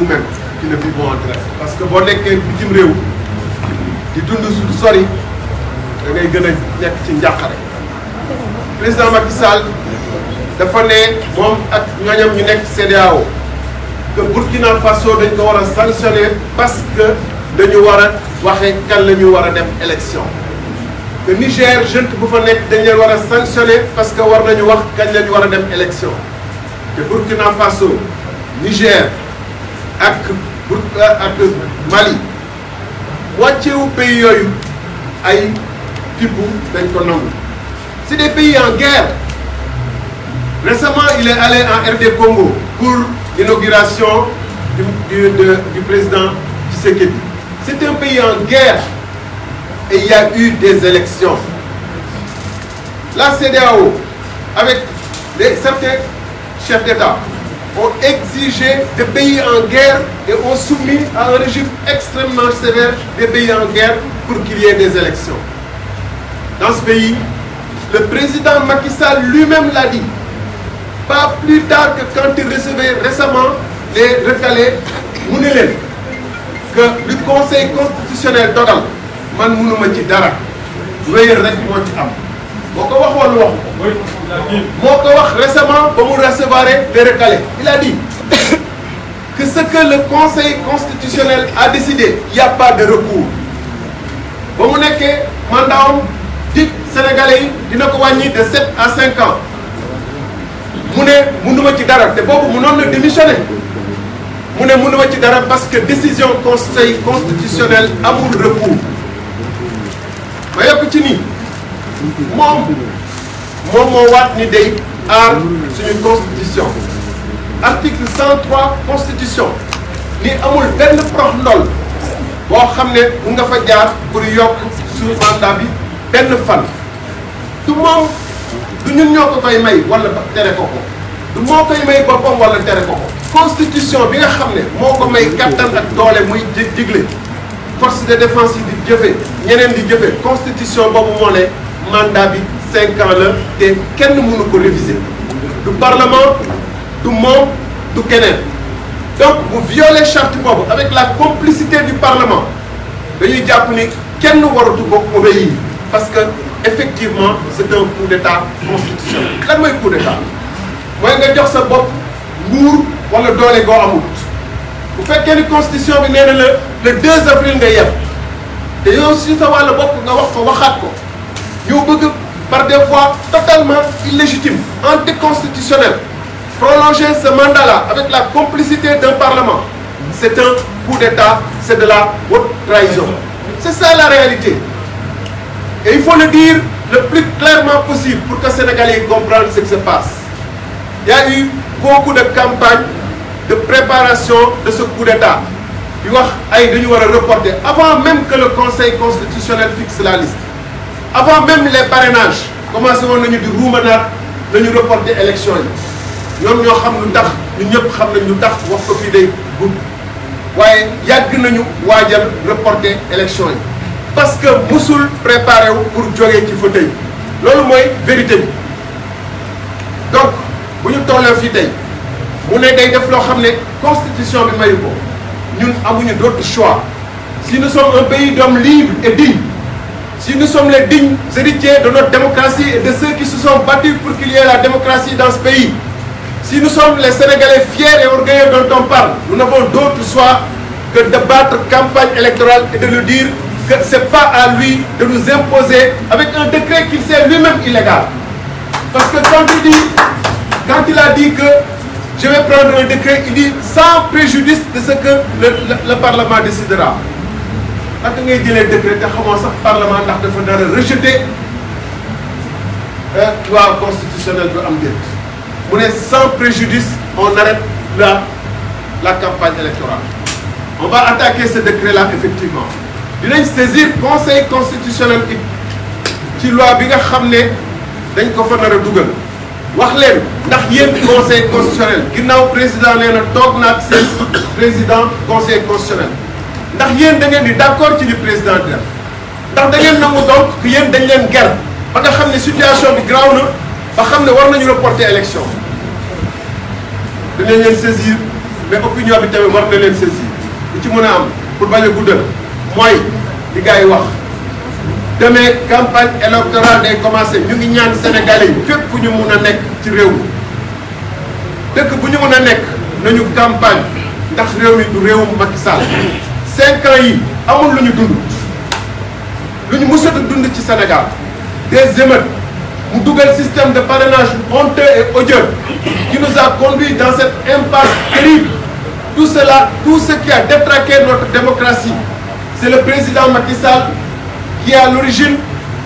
nous-mêmes qui le vivons parce que boo nekkee bitim réew di dund su sori da ngay gën a nekk ci njàqare président Macky Sall dafa ne moom ak ñooñam ñu nekk CEDEAO que Burkina Faso dañ ko war a sanctionner parce dañu war a waxe kan la ñu war a dem élection te Niger jeune bu fa nekk dañ leen war a sanctionné parce que war nañu wax kañ la ñu war a dem élection te Burkina Faso Niger ak Bur euh, ak Mali wàccewu pays yooyu ay tibb dañ ko nangu c'est des pays en guerre récemment il est allé en RD Congo pour l'inauguration du du du président Tshisekedi C'est un pays en guerre et il y a eu des élections. La CDAO, avec les, certains chefs d'État, ont exigé des pays en guerre et ont soumis à un régime extrêmement sévère des pays en guerre pour qu'il y ait des élections. Dans ce pays, le président Macky Sall lui-même l'a dit, pas plus tard que quand il recevait récemment les recalés que lu conseil constitutionnel dogal man mënuma ci dara wéyal rek moo ci am boo ko wax wala waxu ko moo ko wax récemment ba mu recevoir les il a dit que ce que le conseil constitutionnel a décidé y a pas de ba mu nekkee mandatam dig sénégalais yi dina ko wàññi de sept à cinq ans mu ne mënuma ci dara te boobu mënoon na démissionner mu ne mënuma ci dara parce que décision conseil constitutionnel amul recours ma yokk ci nii moom moom moo waat ni day aar suñu constitution article 103 constitution ni amul benn prox ndol boo xam ne bu nga fa jaar pour yokk suñu mandat bi benn fan du moom du ñun ñoo ko koy may wala tere ko ko du moo koy may boppam wala tere ko ko constitution bi nga xam ne moo ko may kattan ak doole muy digle force de défense yi di jëfe ñeneen di jëfe constitution boobu moo ne mandat bi cinq ans la te kenn mënu ko réviser du parlement du moom du keneen donc bu violer charte boobu avec la complicité du parlement dañuy jàpp ni kenn waratu ko obéir parce que effectivement c' est un coup d' état constitutionnel lan mooy coup d' mooy nga jox sa bopp nguur wala doole goo amut bu fekkee ni constitution bi nee na la le 2 avril nga yem te yow si sa wàll bopp nga wax ko waxaat ko ñoo bëgg par des voies totalement illégitimes anticonstitutionnelles prolonger ce mandat-là avec la complicité d'un parlement c'est un coup d'état c'est de la haute trahison c'est ça la réalité et il faut le dire le plus clairement possible pour que Sénégalais comprennent ce qui se passe il a eu de préparation de ce coup d'État bi wax ay dañu war a reporter avant même que le conseil constitutionnel fixe la liste avant même les parrainages commencé woon nañu di ruumanaat nañu reporter élection yi ñoom ñoo xam lu tax ñun ñëpp xam nañ lu tax wax ko fii day gudd waaye yàgg nañu waajal reporter élection yi parce que musul préparer wu pour jógee ci fauteuil loolu mooy vérité bi donc bu ñu tollee fii tey mu ne day def loo xam ne constitution bi mayu ko ñun amuñu d'autre choix si nous sommes un pays d'hommes libres et dignes si nous sommes les dignes héritiers de notre démocratie et de ceux qui se sont battus pour qu'il y ait la démocratie dans ce pays si nous sommes les Sénégalais fiers et orgueilleux dont on parle nous n'avons d'autre choix que de battre campagne électorale et de lui dire que c'est pas à lui de nous imposer avec un décret qu'il sait lui-même illégal parce que quand il que je vais prendre un décret qui dit sans préjudice de ce que le le, parlement décidera naka ngay jëlee décret te xamoo sax parlement ndax dafa dara rejeté loi constitutionnelle bu am déet mu ne sans préjudice on arrête la la campagne électorale on va attaquer ce décret là effectivement dinañ saisir conseil constitutionnel ci loi bi nga xam ne dañ ko fa nar wax leen ndax yéen conseil constitutionnel ginnaaw président nee na toog naag seen président conseil constitutionnel ndax yéen da ngeen di d'accord ci li président di ndax da ngeen nangu donc que yéen dañ leen ger ba nga xam ne situation bi graaw na ba xam ne war nañu reporter élection dinañ leen saisir mais opinion bi tamit war na leen saisir lu ci mën a am pour bañ a guddal mooy li yi wax demee campagne électorale day commencé ñu ngi ñaan sénégalais yi fépp fu ñu mun a nekk ci réew mi dëkk bu ñu mun a nekk nañu campagne ndax réew mi du réewum Macky Sall cinq ans yi amul lu ñu dund lu ñu mësat dund ci Sénégal des émeutes mu dugal système de parrainage honteux et odieux qui nous a conduit dans cette impasse terrible tout cela tout ce qui a notre démocratie c'est le président Macky Sall qui est l'origine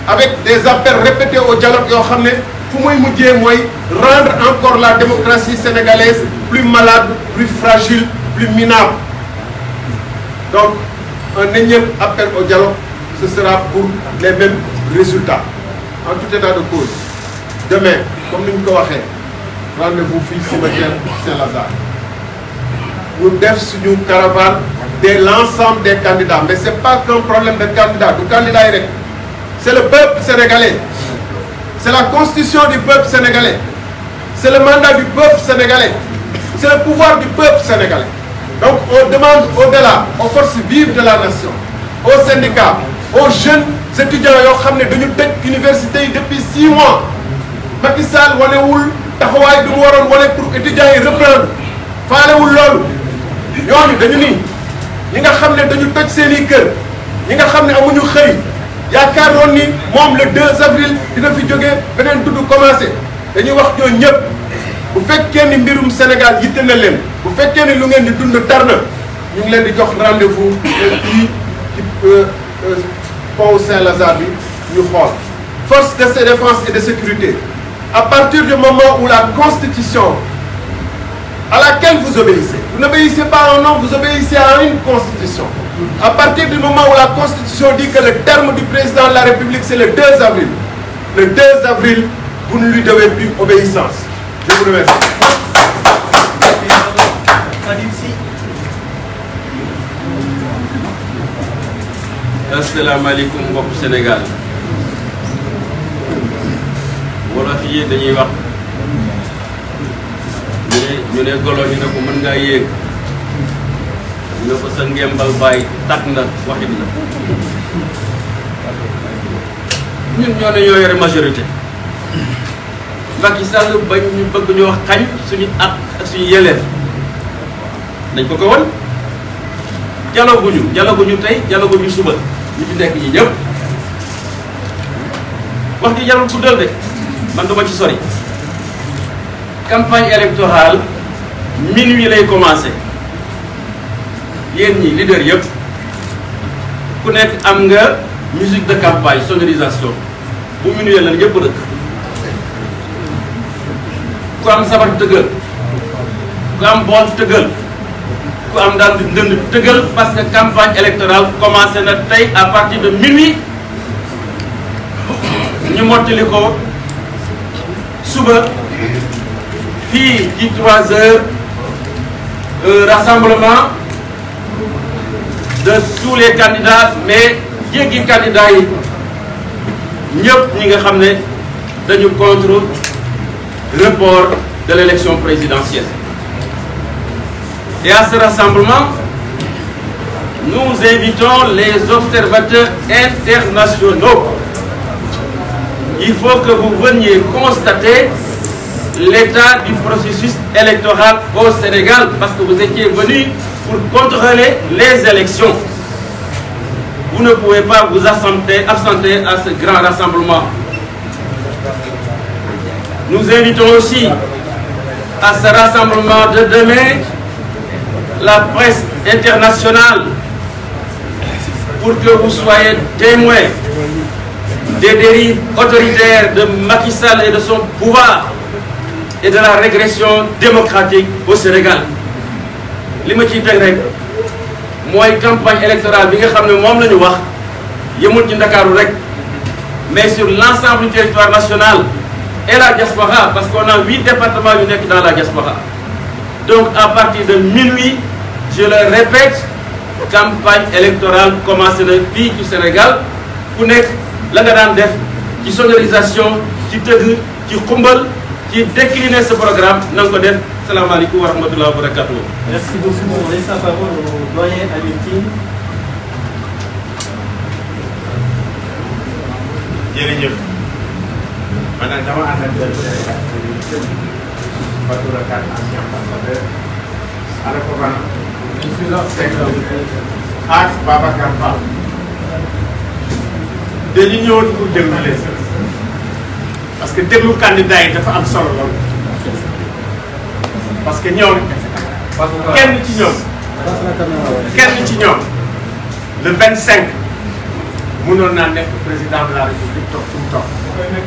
avec des appels répétés au dialogue yoo xam ne fu muy mujjee mooy rendre encore la démocratie sénégalaise plus malade plus fragile plus minable donc un énième appel au dialogue ce sera pour les mêmes résultats en tout état de cause demain comme ni ñu ko waxee rendez-vous fii cimetière Saint-Lazare ñu def suñu caravane de l'ensemble des candidats. Mais ce n'est pas qu'un problème de candidat, du candidat direct. C'est le peuple sénégalais. C'est la constitution du peuple sénégalais. C'est le mandat du peuple sénégalais. C'est le pouvoir du peuple sénégalais. Donc on demande au-delà, aux forces vives de la nation, aux syndicats, aux jeunes étudiants yoo xam ne dañu tëj université yi depuis six mois Macky Sall taxawaay bi mu waroon wane pour étudiants yi reprendre faalewul loolu ñooñu ñi nga xam ne dañu toj seeni i kër ñi nga xam ne amuñu xëy yaakaaroon ni moom le 2 avril dina fi jógee beneen dudd commencé dañuy wax ñooñu ñëpp bu fekkee ni mbirum Sénégal yitte na leen bu fekkee ni lu ngeen di dund tar na ñu ngi leen di jox rendez-vous fii ci euh, euh, pont Saint-Lazare bi ñu xool force de défense et de sécurité à partir du moment où la constitution à laquelle vous obéissez Vous n'obéissez pas à un nom, à une constitution. À partir du moment où la constitution di que le terme du président de la République, c'est le 2 avril, le 2 avril, vous ne lui devez plus obéissance. Je vous remercie. asalaamaaleykum mbokk Sénégal wolof yi dañuy wax ñu ne golo ñu ne ko mën ngaa yéeg ñu ne ko sa ngembal bàyyi tàkk na waxit la ñun ñoo ne ñoo yore majorité Macky Sall bañ ñu bëgg ñoo xañ suñu at ak suñu yelleef dañ ko ko won jalaguñu tey jalaguñu suba ñu fi nekk ñi ñëpp wax ji jarul guddal de man duma ci sori campagne électorale minuit lay commencé yéen ñi leader yëpp ku nekk am nga musique de campagne sonorisation bu minuit lan yëpp rëkk ku am sabar tëggal ku am bool tëggal ku am daal di ndënd tëggal parce que campagne électorale commencé na tey à partir de minuit ñu mottali ko suba fii ci 3 heures. rassemblement de tous les candidats mais jéggi candidats yi ñëpp ñi nga xam ne dañu contre report de l'élection présidentielle et à ce rassemblement nous invitons les observateurs internationaux il faut que vous veniez constater l'état du processus électoral au Sénégal parce que vous étiez venu pour contrôler les élections. Vous ne pouvez pas vous absenter, à ce grand rassemblement. Nous invitons aussi à ce rassemblement de demain la presse internationale pour que vous soyez témoins des dérives autoritaires de Macky et de son pouvoir et de la régression démocratique au Sénégal li ma ciy teg rek mooy campagne électorale bi nga xam ne moom la ñu wax yëmul ci Ndakaaru rek mais sur l'ensemble du territoire national et la diaspora parce qu'on a huit département yu nekk dans la diaspora donc à partir de minuit je le répète campagne électorale commencé na fii ci Sénégal ku nekk la nga daan def ci sonorisation ci tëgg ci xumbal ci décliner ce programme na nga ko def salaamaaleykum wa rahmatulah wa barakatuh. merci beaucoup on laisse la parole au doyen Habib Tine. jërëjëf man nag dama ànd ak parce que déglu candidat yi dafa am solo lool parce que ñëw kenn ci ñëw kenn ci ñëw le cinq mënoon naa nekk président de la république toog fu mu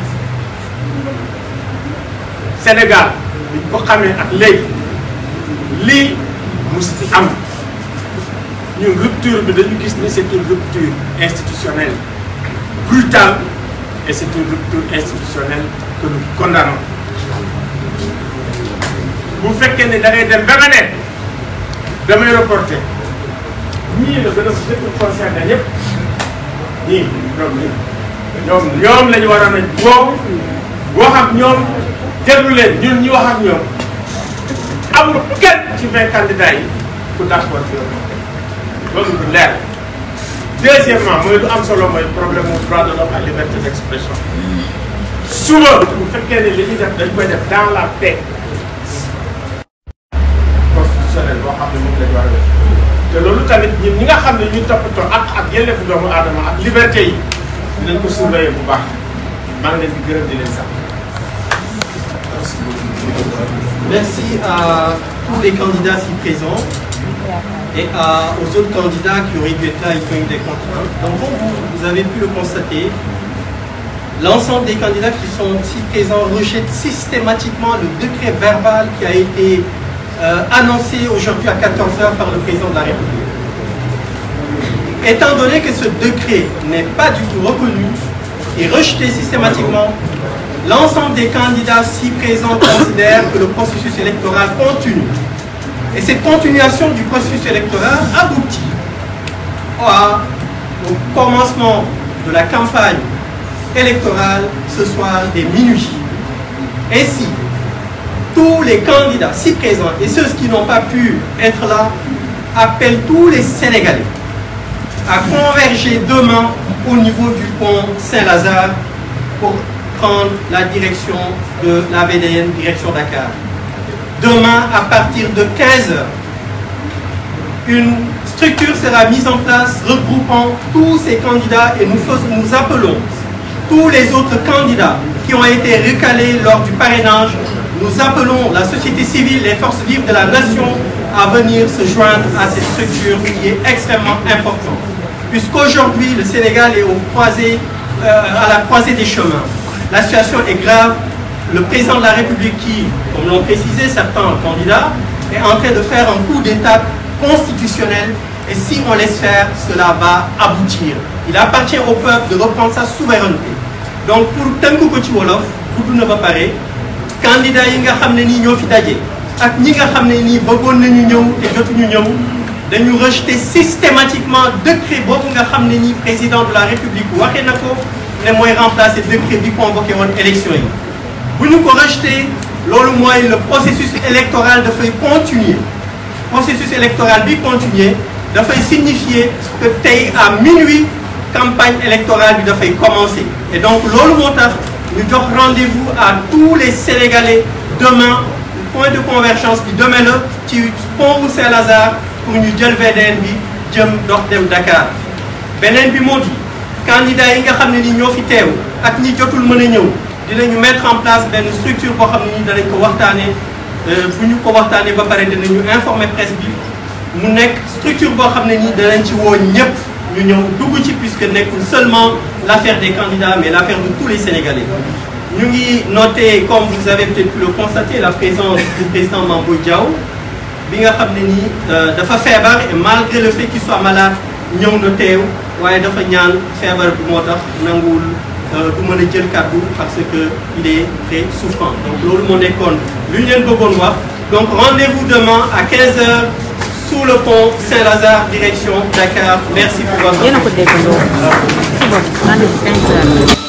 Sénégal bi ko xamee ak léegi lii mus fi am ñun rupture bi dañu gis ni c'est une rupture institutionnelle brutale et c'est une rupture institutionnelle que nous condamnons bu fekkee ne da ngay dem ba nga ne damay reporter ñii la gën a gën a concerné ñëpp ñii ñoom ñoom la ñu war a nañ woo wax ak ñoom déglu leen ñun ñu wax ak ñoom amul kenn ci vingt candidats yi ku d'accord ci loolu loolu du leer deuxièmement mooy lu am solo mooy problème mu droit de l'homme à liberté d'expression souvent bu fekkee ne li ñuy def dañ koy def dans la paix constitutionnelle boo xam ne moom lañ war a def te loolu tamit ñun ñi nga xam ne ñu toppatoo ak ak yelleefu doomu aadama ak liberté yi dinañ ko surveiller bu baax maa ngi leen di gërëm di leen sax merci à tous les candidats ici présents Et à, aux autres candidats qui auraient pu être là, ils eu des contraintes. Donc comme vous, avez pu le constater, l'ensemble des candidats qui sont aussi présents rejettent systématiquement le décret verbal qui a été euh, annoncé aujourd'hui à 14h par le président de la République. Étant donné que ce décret n'est pas du tout reconnu et rejeté systématiquement, l'ensemble des candidats si présents considèrent que le processus électoral continue Et cette continuation du processus électoral aboutit à, au commencement de la campagne électorale ce soir dès minuit. Ainsi, tous les candidats si présents et ceux qui n'ont pas pu être là appellent tous les Sénégalais à converger demain au niveau du pont Saint-Lazare pour prendre la direction de direction Dakar. Demain, à partir de quinze h une structure sera mise en place regroupant tous ces candidats et nous, appelons tous les autres candidats qui ont été recalés lors du parrainage. Nous appelons la société civile, les forces libres de la nation à venir se joindre à cette structure qui est extrêmement importante. Puisqu'aujourd'hui, le Sénégal est euh, à la croisée des chemins. La situation est grave, le président de la République qui, comme l'ont précisé certains candidats, est en train de faire un coup d'état constitutionnel et si on laisse faire, cela va aboutir. Il appartient au peuple de reprendre sa souveraineté. donc pour tënk ko ci wolof gudd na ba pare candidat yi nga xam ne nii ñoo fi daje ak ñi nga xam ne nii bëggoon nañu ñëw te jotuñu ñëw dañu rejeter systématiquement décret boobu nga xam ne nii président de la république waxee na ko mooy remplacer décret bi convoqué yi bu ñu ko rejeté loolu mooy le processus électoral dafay continuer processus électoral bi continuer dafay signifier que tey à minuit campagne électorale bi dafay commencer et donc loolu moo tax ñu jox rendez à tous les Sénégalais demain point de convergence bi demain la ci pont wu Saint-Lazare pour ñu jël VDN bi jëm dox Dakar beneen bi moo di candidat yi nga xam ne ni ñoo fi teew ak ñi jotul mën ñëw dinañu mettre en place benn structure boo xam ne nii danañ ko waxtaanee euh, fu ñu ko waxtaanee ba pare dinañu informer presse bi mu nekk structure boo xam ne nii danañ ci woo ñëpp ñu ñëw dugg ci puisque nekkul seulement l' affaire des candidats mais l' affaire de tous les Sénégalais. ñu ngi noté comme vous avez peut-être pu le constater la présence du président Mamboy Diaw bi nga xam ne nii euh, dafa feebar et malgré le fait qu'il soit malade ñëw na teew waaye dafa ñaan feebar bi moo tax nanguwul. du euh, mën a jël kàddu parce que il est très souffrant donc loolu moo nekkoon lu ñu leen bëggoon wax donc rendez-vous demain à 15h sous le pont Saint-Lazare direction Dakar merci pour votre.